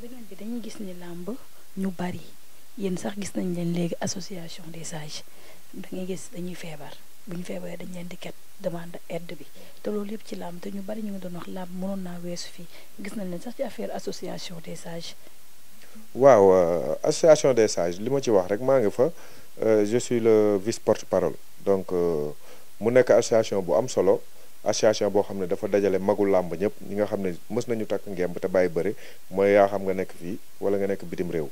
beneen bi dañuy gis ni làmb ñu bari yéen sax gis nañ leen léegi association des sage da gis dañuy feebar bu ñu feebaree dañ leen di ket demande aide bi te loolu yëpp ci làmb te ñu bari ñu ngi doon wax làmb mënoon naa weesu fii gis nañ leen sax ci affaire association des sage waaw euh, association des sage li ma ci wax rek maa ngi fa euh, je le vice porte-parole donc euh, mu nekk association bu am solo. association boo xam ne dafa dajale magu làmb ñëpp ñi nga xam ne mës nañu takk ngemb te bàyyi bëre mooy yaa xam nga nekk fii wala nga nekk bitim réew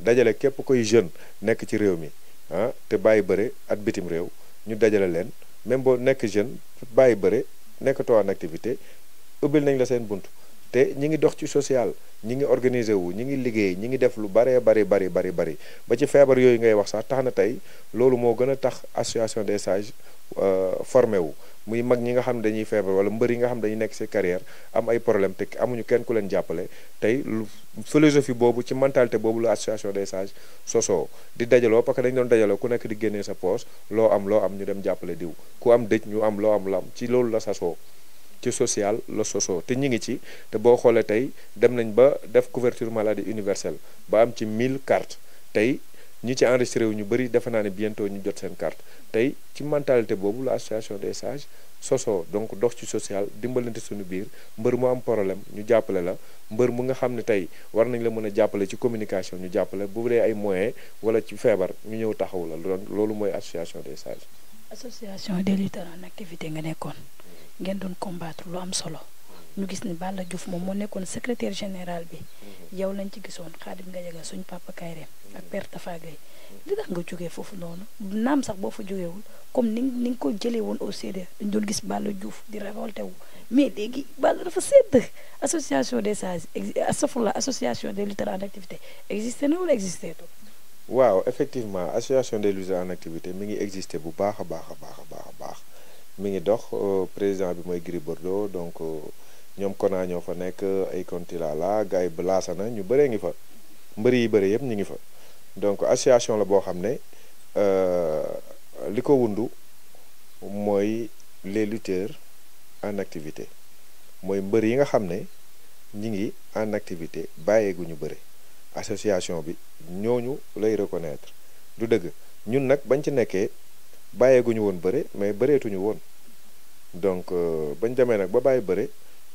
dajale képp koy jeune nekk ci réew mi ah te bàyyi bëre at bitim réew ñu dajale leen même boo nekk jeune bàyyi bëre nekkatoo en activité ubbil nañ la seen bunt te ñi ngi dox ci social ñi ngi organisé wu ñi ngi liggéey ñi ngi def lu baree bari bari bari bari ba ci feebar yooyu ngay wax sax tax na tey loolu moo gën a tax association des sages euh, formé wu muy mag ñi nga xam ne dañuy feebar wala mbër yi nga xam dañuy nekk ci carrière am ay problème te amuñu kenn ku leen jàppale tey philosophie boobu ci mentalité boobu la association des sage sosoo di dajaloo parce que dañu doon dajaloo ku nekk di génnee sa poos loo am loo am ñu dem jàppale diw ku am dëj ñu am loo am loo am ci loolu la sasoo ci social la sosoo te ñi ngi ci te boo xoolee tey dem nañ ba def couverture maladie universelle ba am ci mille cartes tey ñi ci enregistré wu ñu bëri defe naa ne bientôt ñu jot seen carte tey ci mentalité boobu la association des sages sosoo donc dox ci social dimbalante suñu biir mbër mu am problème ñu jàppale la mbër mu nga xam ne tey war nañ la mën a jàppale ci communication ñu jàppale bu dee ay moyens wala ci feebar ñu ñëw taxaw la loolu mooy association des sages. association des lutteurs en nga nekkoon mm. ngeen doon combattre lu am solo. ñu gis ni Balla Diouf moom moo nekkoon secrétaire général bi yow lañ ci gisoon Khadim Gadiaga suñ papa Kayrem ak père Tafa Gueye li tax nga jugee foofu noonu naam sax boo fa jógeewul comme ni ni nga ko jëlee woon au sérieux dañ doon gis Balla Diouf di révolté wu mais léegi Balla dafa sedd association des sages asafula association de lutteurs en activité existé na wala existé to waaw effectivement association des lutteurs en activité mi ngi existé bu baax a a baax a baax a baax mi ngi dox euh, président bi mooy Gris Bordeaux donc euh, ñoom Kona ñoo fa nekk ay Kontila gars yi Balaasana ñu bëree ngi fa mbëri yi bëri yëpp ñu ngi fa donc association la boo xam ne euh, li ko wundu mooy les lutteurs en activité mooy mbër yi nga xam ne ñi ngi en activité bàyyeeguñu bëre association bi ñooñu lay reconnaître du dëgg ñun nag bañ ci nekkee bàyyeeguñu woon bëre mais bëreetuñu woon donc euh, bañ demee nag ba bàyyi bëre.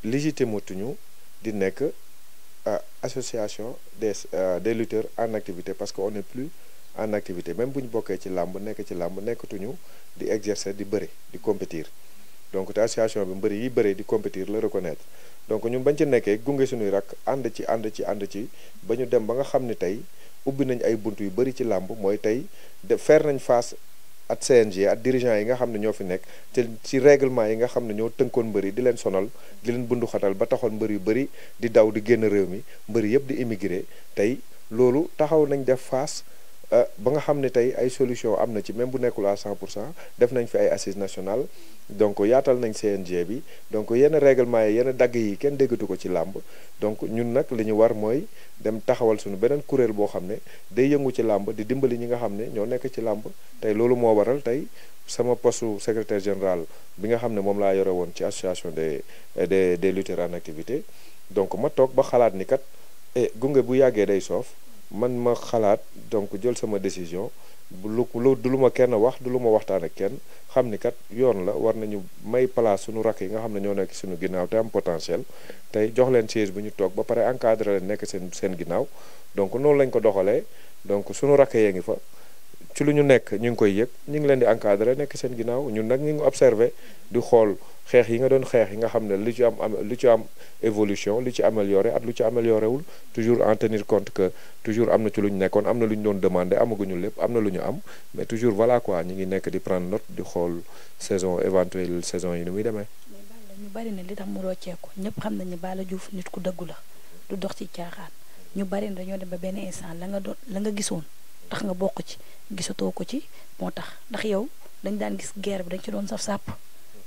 légitimatuñu di nekk euh, association des euh, des lutteurs en activité parce que on ne plus en activité même bu ñu bokkee ci làmb nekk ci làmb nekkatuñu di exercer di bëri di compétir donc te association bi mbëri yi bëri di compétir la reconnaître donc ñun bañ ci nekkee gunge suñuy rak ànd ci ànd ci ànd ci ba ñu dem ba nga xam ne tey ubbi nañ ay bunt yu bëri ci làmb mooy tey de faire nañ face at CNG at dirigeant yi nga xam ne ñoo fi nekk te ci règlement yi nga xam ne ñoo tënkoon mbër di leen sonal di leen bunduxatal ba taxoon mbëri yu bëri di daw di génn réew mi mbëri yëpp di immigré tey loolu taxaw nañ def fas Euh, ba nga xam ne tey ay solution am na ci même bu nekkul à 100 pour cent def nañ fi ay assises nationales donc yaatal nañ CNG bi donc yenn réglement yi yenn dagg yi kenn déggatu ko ci làmb donc ñun nag li ñu war mooy dem taxawal suñu beneen kuréel boo xam ne day yëngu ci làmb di dimbali ñi nga xam ne ñoo nekk ci làmb tey loolu moo waral tey sama postu secrétaire général bi nga xam ne moom laa yore woon ci association des des des lutteurs en activité donc ma toog ba xalaat ni kat eh, gunge bu yàggee day soof man ma xalaat donc jël sama décision lu lu du lu ma kenn wax du lu ma waxtaan ak kenn xam ni kat yoon la war nañu may place suñu rakk yi nga xam ne ñoo nekk suñu ginnaaw te am potentiel tey jox leen siège bu ñu toog ba pare encadré leen nekk seen seen ginnaaw donc noonu lañ ko doxalee donc suñu rakk yee ngi fa ci lu ñu nekk ñu ngi koy yëg ñu ngi leen di encadrer nekk seen ginnaaw ñun nag ñu ngi observer di xool xeex yi nga doon xeex yi nga xam ne lu ci am lu ci am évolution lu ci amélioré ak lu ci amélioré wul toujours en tenir compte que toujours am na ci lu ñu nekkoon am na lu ñu doon demandé amaguñu lépp am na lu ñu am mais toujours voilà quoi ñu ngi nekk di prendre note di xool saison éventuelle saison yi ni muy demee. ñu bari na li tax mu rocceeku ñëpp xam n Balla Diouf nit ku dëggu la du dox ci caaxaan ñu bari na dañoo dem ba benn instant la nga doon nga gisoon. tax nga bokk ci gisatoo ko ci moo tax ndax yow dañ daan gis guerre bi dañ ci doon saf sàpp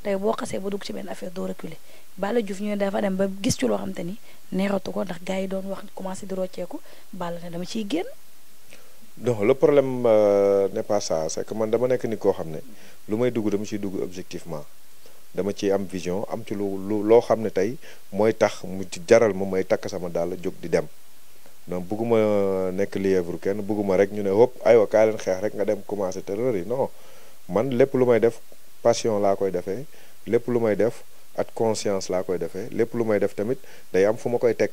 te boo xasee ba dugg ci benn affaire doo reculer Balla Diouf ñu ne dafa dem ba gis ci loo xam te ni neexatu ko ndax gars yi doon wax commencé di rocceeku Balla ne dama ciy génn. non le problème euh, n'est pas ça c'est que man dama nekk ni koo xam ne lu may dugg dama ciy dugg objectivement dama ciy am vision am ci lu loo xam ne tey mooy tax mu ci jaral ma may takk sama dàll jóg di dem. donc bëgguma euh, nekk lièvre kenn bëgguma rek ñu ne hop aywa kaa leen xeex rek nga dem commencé terreur yi non man lépp lu may def passion laa koy defee lépp lu may def ak conscience laa koy defee lépp lu may def tamit day am fu ma koy teg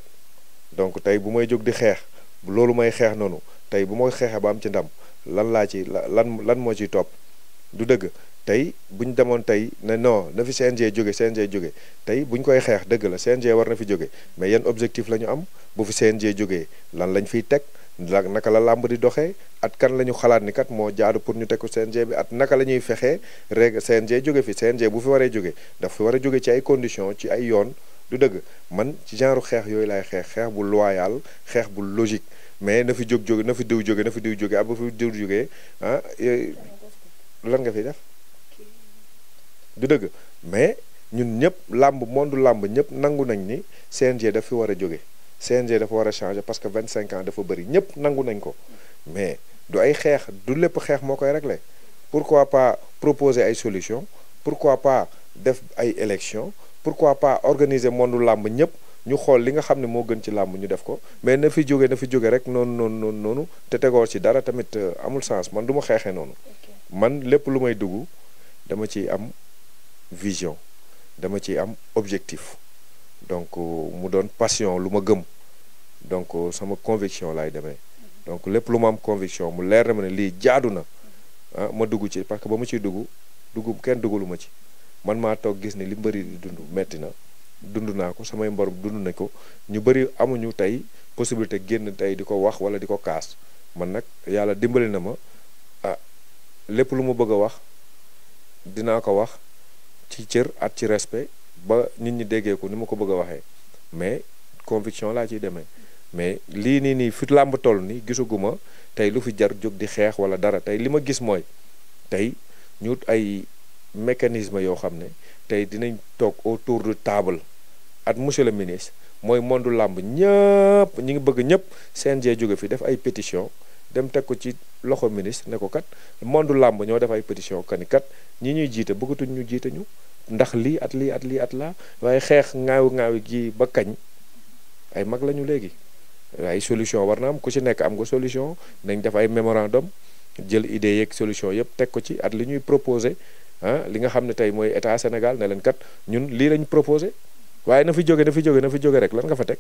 donc tey bu may jóg di xeex loolu may xeex noonu tey bu ma xeexee ba am ci ndam lan laa ci lan lan moo ciy topp du dëgg tey bu ñu demoon tey ne non na fi CNG jóge CNG jóge tey buñ koy xeex dëgg la CNG war na fi jóge mais yan objectif la ñu am bu fi CNG jógee lan lañ fiy teg naka la làmb di doxee at kan la ñu xalaat ni kat moo jaadu pour ñu teg ko bi at naka la fexee reg CNG jóge fi CNG bu fi waree jóge daf fi war a jóge ci ay conditions ci ay yoon du dëgg man ci genre xeex yooyu laay xeex xeex bu loyal xeex bu logique mais na fi jóg jóge na fi diw jóge na fi diw jóge ah bu fi jógee ah nga fi def. du dëgg mais ñun ñëpp làmb monde làmb ñëpp nangu nañ ni CNG daf fi war a jóge CNG dafa war a changer parce que 25 ans dafa bëri ñëpp nangu nañ ko mais du ay xeex du lépp xeex moo koy réglé pourquoi pas proposer ay solution pourquoi pas def ay élection pourquoi pas organiser monde làmb ñëpp ñu xool li nga xam ne moo gën ci làmb ñu def ko mais na fi jóge na fi jóge rek noonu noonu noonu noonu te tegoo si dara tamit euh, amul sens man du ma xeexee noonu man lépp lu may dugg dama ciy am vision dama ci am objectif donc euh, mu doon passion lu ma gëm donc euh, sama conviction laay demee donc lépp lu ma am conviction mu leer na ma ne lii jaadu na ah, ma dugg ci parce que ba ma ciy dugg dugg kenn duggalu ma ci man maa toog gis ne li mbëri di dund metti na dund naa ko samay mborom dund na ko ñu bëri amuñu tey possibilité génn tey di ko wax wala di ko kaas man nag yàlla dimbali na ma ah lépp lu ma bëgg a wax dinaa ko wax ci cër at ci respect ba nit ñi déggee ni ma ko bëgg a waxee mais conviction laa ciy demee mais lii nii nii fi làmb toll nii gisaguma tey lu fi jar jóg di xeex wala dara tey li ma gis mooy tey ñuut ay mécanisme yoo xam ne tey dinañ toog autour de table at monsieur le ministre mooy mondu làmb ñëpp ñu ngi bëgg ñëpp CNG jóge fi def ay pétition dem teg ko ci loxo ministre ne ko kat monde làmb ñoo def ay pétition kani kat ñi ñuy jiite buggatuñ ñu jiite ñu ndax lii at lii at lii at la waaye xeex ŋaawi ŋaawi gi ba kañ ay mag lañu léegi ay solution war na am ku ci nekk am nga solution nañ def ay mémorandum jël idée yeeg solution yëpp teg ko ci at li ñuy proposé ah li nga xam ne tey mooy état Sénégal ne leen kat ñun lii lañ proposé waaye na fi jóge na fi jóge na fi jóge rek lan nga fa teg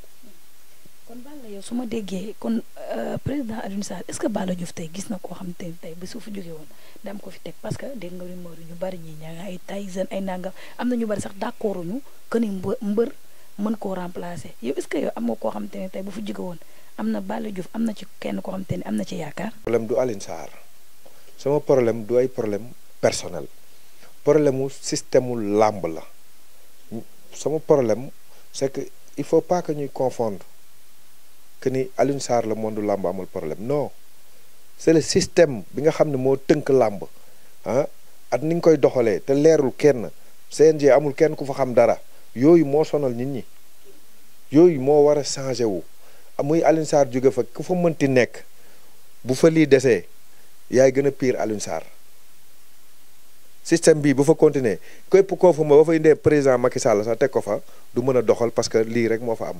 yow su ma déggee kon euh, président Alioune Sarr est-ce que Balla Diouf tey gis na koo xam te tey ba suuf jóge woon dam ko fi teg parce que dégg nga lu mooru ñu bari ñi ñaa ay Tyson am na ñu bari sax d'accord ñu que ni mbër koo remplacer yow que am nga koo xam te ne tey bu fi jugee woon am na Balla Diouf am na ci kenn koo xam te am na ci yaakaar. problème du Alioune Sarr sama problème du ay problème personnel problème mu système mu làmb la suma problème c'est que il faut pas que ñuy confondre. que ni Alioune la la monde làmb amul problème non c'est le système bi nga xam ne moo tënk làmb ah at ni nga koy doxalee te leerul kenn CNG amul kenn ku fa xam dara yooyu moo sonal nit ñi yooyu moo war a changé wu ah, muy Alioune Sarr jóge fa ku fa mënti nekk bu fa lii desee yaay gën a piir Alioune Sarr système bii bu fa continuer képp koo fa ma ba fa indee président Macky Sall sax teg ko fa du mën a doxal parce que lii rek moo fa am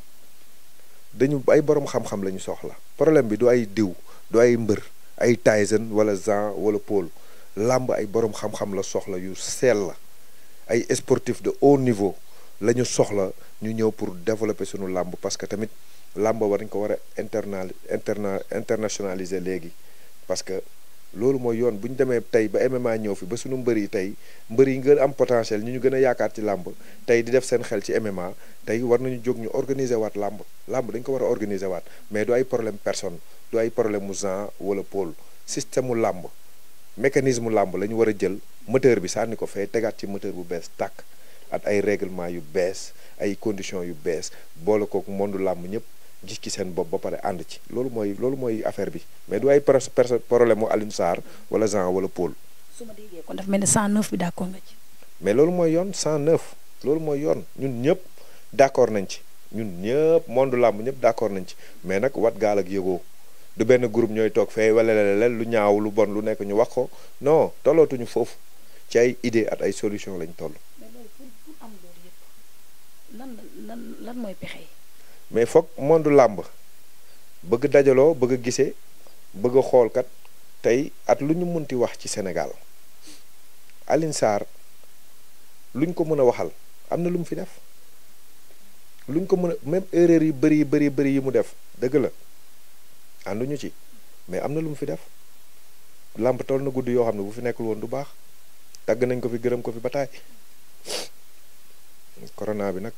dañu ay borom xam-xam la ñu soxla problème bi du ay diw du ay mbër ay Tyson wala Jean wala Paul làmb ay borom xam-xam la soxla yu sell la ay sportif de haut niveau la ñu soxla ñu ñëw pour développer sunu làmb parce que tamit làmb war nañ ko war a internal interna internationaliser léegi parce loolu mooy yoon bu ñu demee tey ba MMA ñëw fi ba suñu mbër yi tey mbër yi nga am potentiel ñu ñu gën a yaakaar ci làmb tey di def seen xel ci MMA tey war nañu jóg ñu organiser waat làmb làmb dañ ko war a organiser waat mais du ay problème personne du ay problème mu genre wala pôle système làmb mécanisme làmb la ñu war a jël moteur bi sànni ko fee tegaat ci moteur bu bees tàkk at ay règlement yu bees ay conditions yu bees boole kook mondu làmb ñëpp. gis ci seen bopp ba pare ànd ci loolu mooy loolu mooy affaire bi mais du ay problème mu Alioune Sarr wala Jean wala Paul. kon dafa mel ni 109 bi d'accord nga ci. mais loolu mooy yoon 109 loolu mooy yoon ñun ñëpp d'accord nañ ci ñun ñëpp monde làmb ñëpp d'accord nañ ci mais nag wat gaal ak yëgoo du benn group ñooy toog fee wala leneen lu ñaaw lu bon lu nekk ñu wax ko non tollootuñu foofu ci ay idée at ay solution lañ toll. mais mais foog monde làmb bëgg dajaloo bëgg a gisee bëgg a xoolkat tey at lu ñu munti wax ci senegal Alioune Sarr luñ ko mën a waxal am na lu mu fi def luñ ko mën a même erreur yi bëri bëri bëri yi mu def dëgg la ñu ci mais am na lu mu fi def làmb toll na gudd yoo xam ne bu fi nekkul woon du baax dagg nañ ko fi gërëm ko fi ba corona bi nag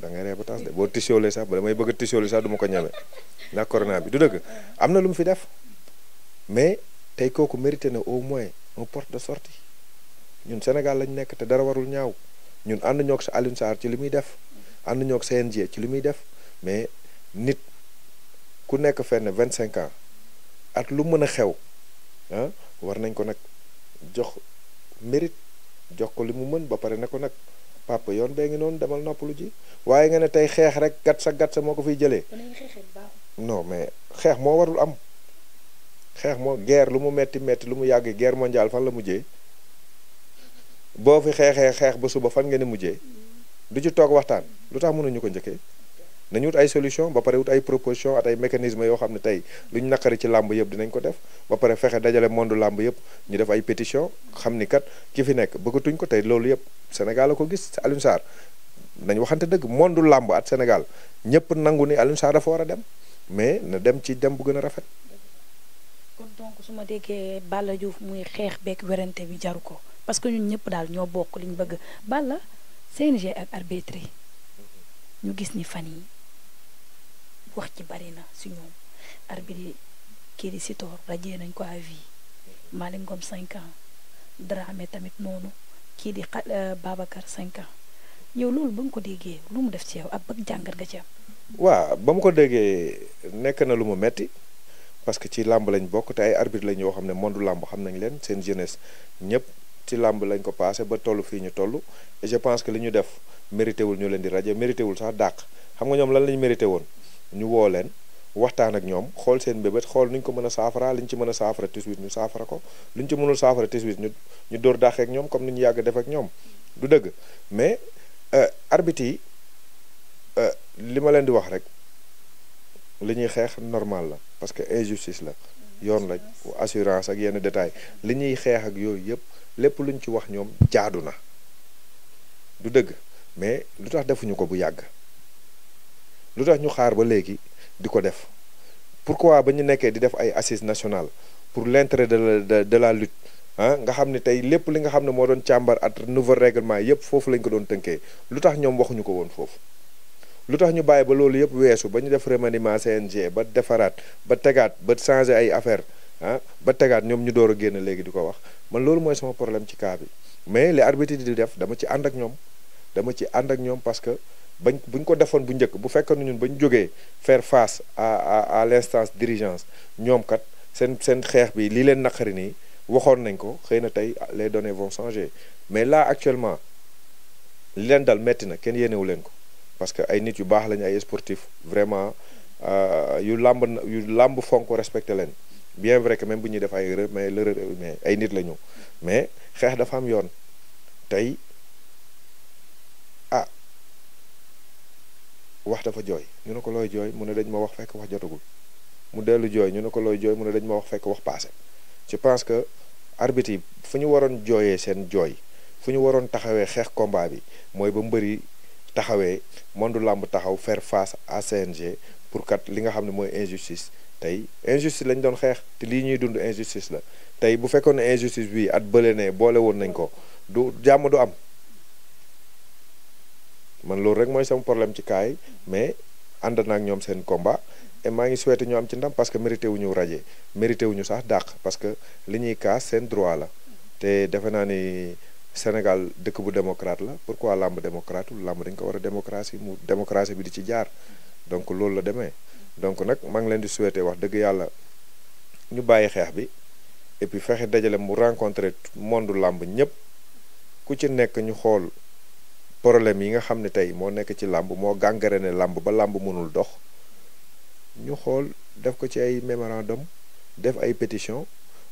da ngay ree ba tas de boo tisoole sax ba damay bëgg a tisoole sax du ko ñeme ndax corona bi du dëgg am na lu mu fi def mais tey kooku mérité na au moins un porte de sortie ñun Sénégal lañ nekk te dara warul ñaaw ñun ànd ñoo ko sa Alioune ci li muy def ànd ñoo ko CNG ci lu muy def mais nit ku nekk fenn vingt cinq ans at lu mën a xew ah, war nañ ko nag jox mérite jox ko li mu mën ba pare ne ko nag papa yoon bee ngi noonu demal nopp lu ji waaye nga ne tey xeex rek gat sa gat sa moo ko fiy jëlee. non mais xeex moo warul am xeex moo guerre lu mu metti metti lu mu yàgg guerre mondiale fan la mujjee boo fi xeexee xeex ba suba fan ngeen di mujjee mm. du ci toog waxtaan lu tax mënuñu ko njëkke nañu wut ay solution ba pare wut ay proposition at ay mécanisme yoo xam ne tey lu ñu naqari ci làmb yëpp dinañ ko def ba pare fexe dajale monde làmb yëpp ñu def ay pétition xam ni kat ki fi nekk bëggatuñ ko tey loolu yëpp Sénégal la ko gis Alioune Sarr nañ waxante dëgg monde làmb at Sénégal ñëpp nangu ni Alioune Sarr dafa war a dem mais na dem ci dem bu gën a rafet. kon donc su ma déggee Balla Diouf muy xeex beeg werante bi jaru ko parce que ñun ñëpp daal ñoo bokk li ñu bëgg Balla CNG ak arbitre ñu gis ni fan yi wax ci bari na si ñoom arbitre kii si toor rajee nañ ko à vie Malick Ngom cinq ans Dramé tamit noonu kii di euh, Babacar cinq ans yow loolu ba nga ko déggee lu mu def ci yow ak bëgg jàngat nga ci am. ba mu ko déggee nekk na lu mu metti parce que ci làmb lañ bokk te ay arbitre lañ yoo xam ne monde làmb xam nañ leen seen jeunesse ñëpp ci làmb lañ ko passé ba toll fii ñu toll et je pense que li ñu def mérité wul ñu leen di rajo mérité wul sax dàq xam nga ñoom lan lañ mérité woon. ñu woo leen waxtaan ak ñoom xool seen mbébét xool nuñ ko mën a saafara liñ ci mën a saafara tiswit ñu saafara ko luñ ci mënul saafara tiswit ñu ñu dóor dàqee ak ñoom comme ni ñu yàgg def ak ñoom du dëgg mais euh, arbitre yi euh, ma leen di wax rek li ñuy xeex normal la parce que injustice la yoon la assurance ak yenn détail li ñuy xeex ak yooyu yëpp lépp luñ ci wax ñoom jaadu na du dëgg mais lu tax defuñu ko bu yàgg lu tax ñu xaar ba léegi di ko def pourquoi ba ñu nekkee di def ay assises national pour l'intérêt de la de de la lutte ah nga xam ne tey lépp li nga xam ne moo doon càmbar ak nouveau réglement yépp foofu lañ ko doon tënkee lu tax ñoom waxuñu ko woon foofu. lu tax ñu bàyyi ba loolu yépp weesu ba ñu def remaniement CNG ba defaraat ba tegaat ba changer ay affaires ah ba tegaat ñoom ñu door a génn léegi di ko wax man loolu mooy sama problème ci cas mais les arbitres def dama ci ànd ak ñoom dama ci ànd ak ñoom parce que. bañ bu ñu ko defoon bu njëkk bu fekkee ne ñun ba ñu jógee faire face à à à l'instance dirigeance ñoom kat seen seen xeex bi lii leen naqari nii waxoon nañ ko xëy na tey les données vont changer mais là actuellement li leen dal metti na kenn yéenewu leen ko parce que ay nit yu baax lañu ay sportif vraiment euh, yu làmb yu làmb fonk respecté leen bien vrai que même bu ñuy def ay erreur mais l'erreur mais ay nit lañu mais xeex dafa am yoon tey. wax dafa jooy ñu ne ko looy jooy mu ne dañ ma wax fekk wax jotagul mu dellu jooy ñu ne ko looy jooy mu ne dañ ma wax fekk wax paase je pense que arbitre yi fu ñu waroon jooyee seen jooy fu ñu waroon taxawee xeex combat bi mooy ba mbëri taxawee monde làmb taxaw faire face à CNG pour kat li nga xam ne mooy injustice tey injustice lañ doon xeex te lii ñuy dund injustice la tey bu fekkoon ne injustice bi at bële ne boole woon nañ ko du jàmm du am man loolu rek mooy sama problème ci cas mais ànd ak ñoom seen combat maa ngi souhaité ñoo am ci ndam parce que mérité wu ñu raje mérité wu ñu sax dàq parce que li ñuy kaas seen droit la te defe naa ni Sénégal dëkk bu démocrate la pourquoi làmb démocrate làmb dañ ko war a démocratie mu démocratie bi di ci jaar donc loolu la demee donc nag maa ngi leen di souhaité wax dëgg yàlla ñu bàyyi xeex bi et puis fexe dajale mu rencontré monde làmb ñëpp ku ci nekk ñu xool. problème yi nga xam ne tey moo nekk ci làmb moo ne làmb ba làmb mënul dox ñu xool def ko ci ay mémorandum def ay pétition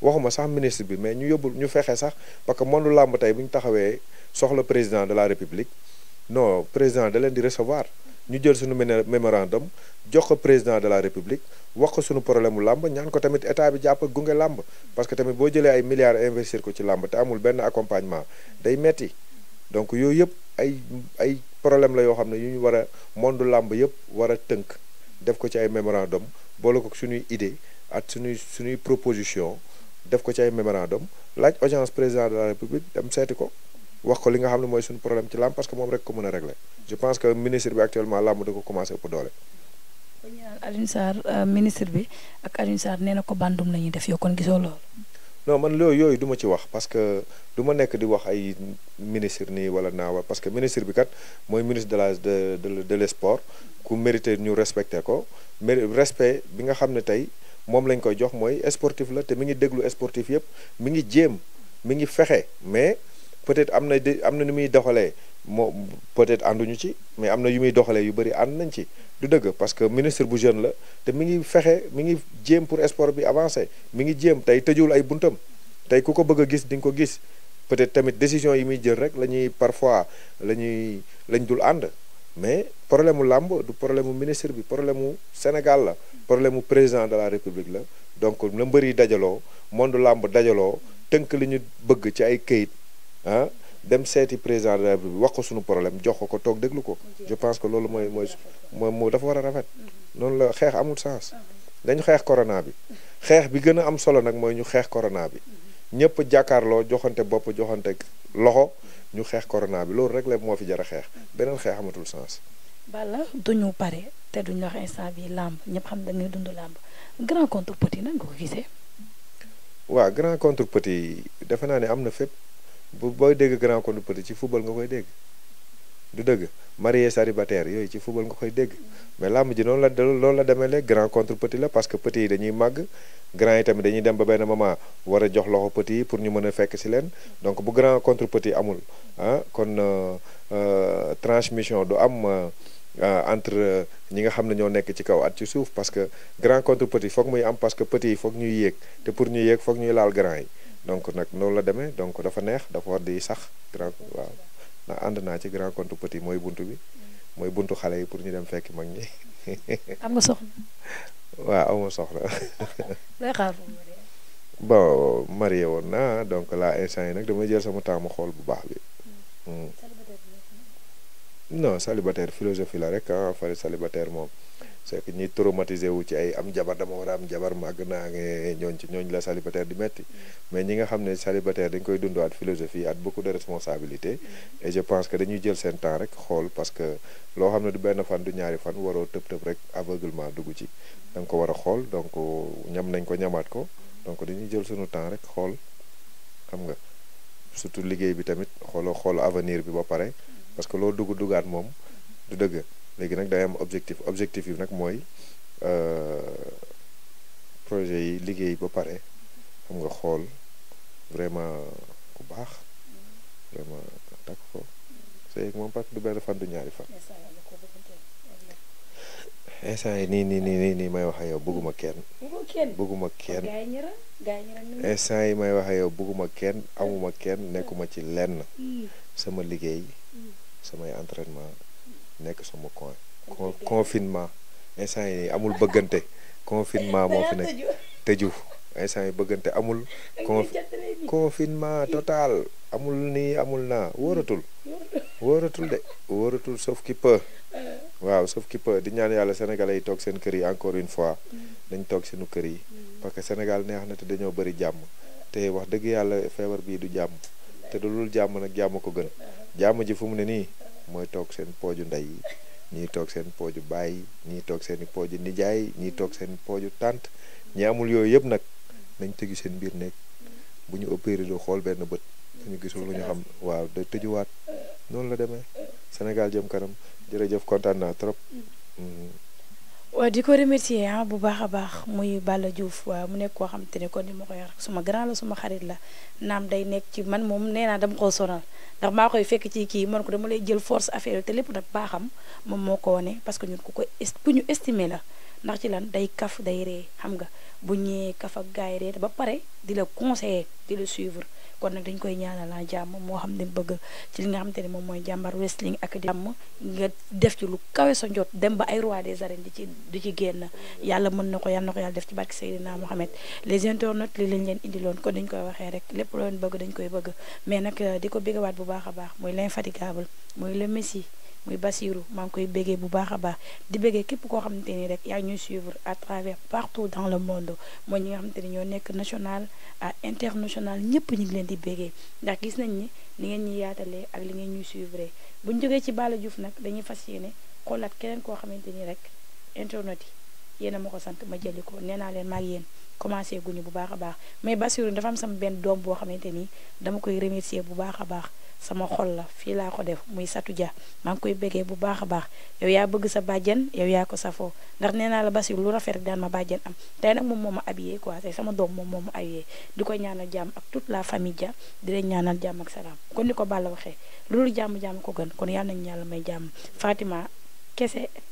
waxuma sax ministre bi mais ñu yóbbul ñu fexe sax parce que mënu làmb tey bu ñu taxawee soxla président de la république no président da leen di recevoir ñu jël suñu mémorandum jox ko président de la république wax ko suñu problème mu làmb ñaan ko tamit état bi jàpp gunge làmb parce que tamit boo jëlee ay milliards investir ko ci làmb amul benn accompagnement day metti donc yooyu yëpp ay ay problème la yoo xam ne yu ñu war a monde làmb yëpp war a tënk def ko ci ay mémorandum boole ko suñuy idée ak suñuy suñuy proposition def ko ci ay mémorandum laaj audience président de la république dem seeti ko wax ko li nga xam ne mooy suñu problème ci làmb parce que moom rek ko mën a régler je pense que ministre bi actuellement làmb da ko doole Alioune Sarr euh, ministre bi ak Alioune nee na ko bandum la def yow kon gisoo loolu non man loolu yooyu duma ma ci wax parce que du ma nekk di wax ay ministre nii wala naawa parce que ministre bi kat mooy ministre de la de de de sport ku mérité ñu respecté ko respect bi nga xam ne tey moom lañ koy jox mooy sportif la te mi ngi déglu sportif yëpp mi ngi jéem mi ngi fexe mais peut-être am na am na nu muy doxalee moo peut-être ànduñu ci mais am na yu muy doxalee yu bëri ànd nañ ci du dëgg parce que ministre bu jeune la te mi ngi fexe mi ngi jéem pour sport bi avancé mi ngi jéem tey tëjuwul ay buntam tey ku ko bëgg gis di nga ko gis peut-être tamit décision yi muy jël rek lañuy parfois la ñuy lañ dul ànd mais problème mu làmb du problème mu ministre bi problème mu Sénégal la problème mu président de la République la donc la mbër yi dajaloo monde làmb dajaloo tënk li ñu bëgg ci ay këyit ah, dem seeti président de la wax suñu problème jox ko ko toog déglu ko je pense que loolu mooy mooy mooy moo dafa war a rafet noonu la xeex amul sens dañu xeex corona bi xeex bi gën a am solo nag mooy ñu xeex corona bi ñëpp jàkkaarloo joxante bopp joxante loxo ñu xeex corona bi loolu rek la moo fi jar a xeex beneen xeex amatul sens. Balla duñu pare te duñu wax instant bi làmb ñëpp xam dañuy dund làmb grand contre petit nag nga ko gisee. waaw grand contre petit defe naa ne am na fépp. bu booy dégg grand contre petit ci football nga koy dégg du dëgg marié célibataire yooyu ci football nga koy dégg mais làmb ji noonu la loolu la demee léegi grand contre petit la parce que petit yi dañuy màgg grand yi tamit dañuy dem ba benn moment war a jox loxo petit yi pour ñu mën a fekk si leen donc bu grand contre petit amul ah kon euh, euh, transmission du am euh, entre ñi nga xam ne ñoo nekk ci kaw at ci suuf parce que grand contre petit foog muy am parce que petit yi foog ñuy yéeg te pour ñuy yéeg foog ñuy laal grand yi donc nag noonu la demee donc dafa neex dafa war di sax grand waaw naa ci grand compte petit mooy buntu bi mooy buntu xale yi pour ñu dem fekki mag ñi. am nga soxna. waaw aw ma woon naa donc la instant yi nag damay jël sama temps ma xool bu baax bi. Hmm. Hmm. non célibataire philosophie la rek ah fari célibataire moom. c'est que ñi traumatisé wu ci ay am jabar dama war a am jabar màgg naa nge ñooñ ci ñooñ la célibataire di metti mais ñi nga xam ne célibataire dañ koy dund at philosophie at beaucoup de responsabilité et je pense que dañuy jël seen temps rek xool parce que loo xam ne du benn fan du ñaari fan waroo tëb tëb rek aveuglement dugg ci dañ ko war a xool donc ñam nañ ko ñamaat ko donc dañuy jël sunu temps rek xool xam nga surtout liggéey bi tamit xool xool avenir bi ba pare parce que loo dugg dugaat moom du dëgg léegi nag daay am objectif objectif yi nag mooy euh, projet yi liggéey ba pare xam nga xool vraiment bu baax vraiment takk ko sëy moom parce du benn fan du ñaari fan instant yi nii nii nii nii nii may waxee ak yow bëgguma kenn bëgguma kenn instant yi may wax ak yow bëgguma kenn amuma kenn nekkuma ci lenn hmm. sama liggéey hmm. samay entraînement nekk sama coin confinement instant yi amul bëggante confinement moo fi nekk tëju instant yi bëggante amul confinement total amul nii amul naa wëratul wóoratul de wëratul sauf qui euh. waaw sauf qui di ñaan yàlla sénégalais yi toog seen kër yi encore une fois dañ mm. toog seenu kër yi mm. parce que Sénégal neex na te dañoo bari jàmm te wax dëgg yàlla feebar bii du jàmm te du lul jàmm nag jàmm ko gën euh. jàmm ji fu mu ne nii mooy toog seen pooju ndey ñi ñii toog seen pooju baay ñi ñii toog seen i pooju nijaay yi ñii toog seen pooju tànt ñi amul yooyu yëpp nag nañ tëju seen biir nekk bu ñu opéré doo xool benn bët ñu gisul lu ñu xam waaw da tëjuwaat noonu la demee Sénégal jëm kanam jërëjëf kontaan naa trop. Mm. Mm. waaw di ko remercier ah bu baax a baax muy Balla Diouf waaw mu nekk koo xam te ne kon di ma ko wax suma grand la suma xarit la naam day nekk ci man moom nee naa dama koo sonal ndax maa koy fekk ci kii man ko dama lay jël force affaire yi te lépp nag baaxam moom moo ko wane parce que ñun ku ko ñu estimer la ndax ci lan day kaf day ree xam nga bu ñëwee kaf ak gaay ree ba pare di la conseiller di la suivre kon nag dañ koy ñaanalaa ah jàmm moo xam ne bëgg ci li nga xamante ne moom mooy jàmbar wrestling ak jàmm nga def ci lu kawe sa njot dem ba ay roi des arènes di ci di ci génn yàlla mën na ko yàlla na ko def ci barke Seydina Mohamed les internautes li lañ leen indiloon kon dañ koy waxee rek lépp loo leen bëgg dañ koy bëgg mais nag di ko béggawaat bu baax a baax muy l'infatigable muy le messi muy Bassirou maa ngi koy béggee bu baax a baax di béggee képp koo xamante ni rek yaa ñuy suivre à travers partout dans le monde mooy ñi nga xamante ni ñoo nekk national à international ñëpp ñu ngi leen di béggee ndax gis nañ ni ni ngeen ñu yaatalee ak li ngeen ñuy suivre bu ñu jógee ci Balla Diouf nag dañuy fas yéene xoolaat keneen koo xamante nii rek internet yi yéen a ma ko sant ma jëli ko nee naa leen maag yéen commencé guñu bu baax a baax mais Bassirou dafa am sama benn doom boo xamante ni dama koy remercier bu baax a baax. sama xol la fii laa ko def muy Satou Dia maa nga koy bëggee bu baax a baax yow yaa bëgg sa bàjjen yow yaa ko safoo ndax nee naa la Basiir lu rafet rek daan ma bàjjen am tey nag moom moom ma habillé quoi tey sama doom moom moom ma habillé di ko ñaanal jàmm ak tout la famille Dia di leen ñaanal jàmm ak salaam kon ni ko la waxee loolu jàmm jàmm ko gën kon yàlla nañu yàlla may jàmm Fatima kese.